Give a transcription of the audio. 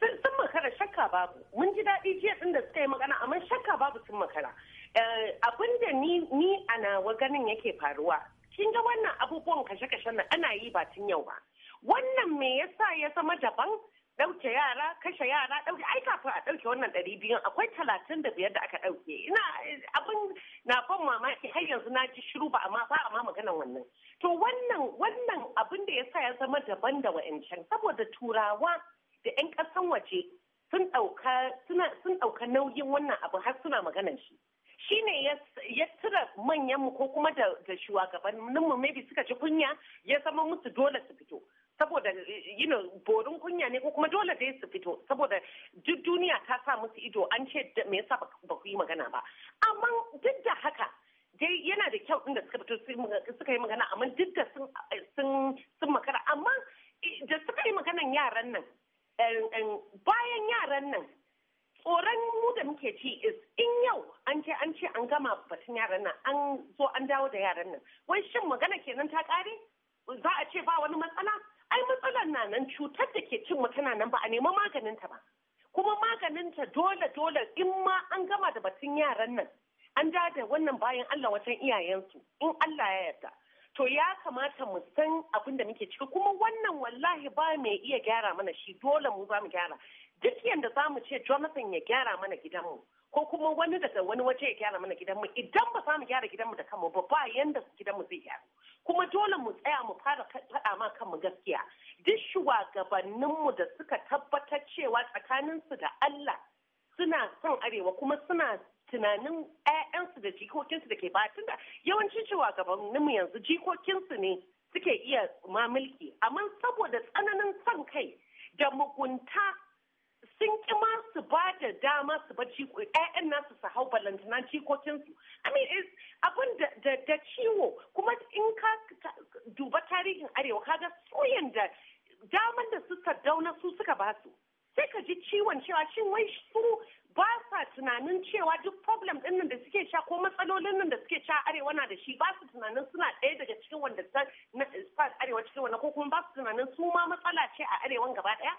sun makara shakka babu mun ji daɗi jiya ɗin da suka yi magana amma shakka babu sun makara eh, abin da ni a nawa ganin yake faruwa kin ga wannan abubuwan kashe kashe nan ana yi ba tun yau ba wannan me yasa ya zama daban ɗauke yara kashe yara ɗauke ai kafin a ɗauke wannan ɗari biyun akwai talatin da biyar da aka ɗauke ina abin na ban mamaki har yanzu na ji shiru ba amma ba a ma maganan wannan to wannan wannan abin da yasa ya zama daban da wa'ancan saboda turawa da 'yan ƙasan waje sun ɗauka nauyin wannan abu har suna maganan shi shi ne ya tura manyanmu ko kuma da shugabanninmu maybe suka ji kunya ya zama musu dole su fito saboda you borin kunya ne ko kuma dole dai su fito saboda duk duniya ta sa musu ido an ce me yasa ba ku yi magana ba amma duk da haka dai yana da kyau inda suka fito suka yi magana amma duk da sun makara amma da suka yi maganan yaran nan tsoron nan tsoron mu da muke ci is in yau an ce an ce an gama batun yaran nan an zo an dawo da yaran nan wai shin magana kenan ta kare za a ce ba wani matsala ai matsalar na nan cutar da ke cin mu tana nan ba a nemi maganin ta ba kuma maganin ta dole dole in ma an gama da batun yaran nan an dawo da wannan bayan Allah wajen iyayensu in Allah ya yarda to ya kamata mu san abin da muke ciki kuma wannan wallahi ba mai iya gyara mana shi dole mu za mu gyara duk yadda za mu ce jonathan ya gyara mana gidanmu ko kuma wani daga wani waje ya gyara mana gidanmu idan ba za mu gyara gidanmu da kanmu ba ba yanda gidanmu zai gyara kuma dole mu tsaya mu fara faɗa ma kanmu gaskiya duk shugabanninmu da suka tabbatar cewa tsakaninsu da allah suna son arewa kuma suna tunanin ƴaƴansu da jikokinsu da ke ba tunda yawancin mu yanzu jikokinsu ne suke iya ma mulki amma saboda tsananin son kai da mugunta sun ki ma su ba da dama su ba ƴaƴan nasu su hau balantana jikokinsu i mean abin da ciwo kuma in ka duba tarihin arewa kaga soyan da daman da su sadauna su suka ba su sai ka ji ciwon cewa shin wai su ba sa tunanin cewa duk problem ɗin da sha ko matsalolin nan da suke sha arewa na da shi ba su tunanin suna ɗaya daga cikin wanda ta arewa cikin wanda ko kuma ba su tunanin su ma matsala ce a arewan gaba ɗaya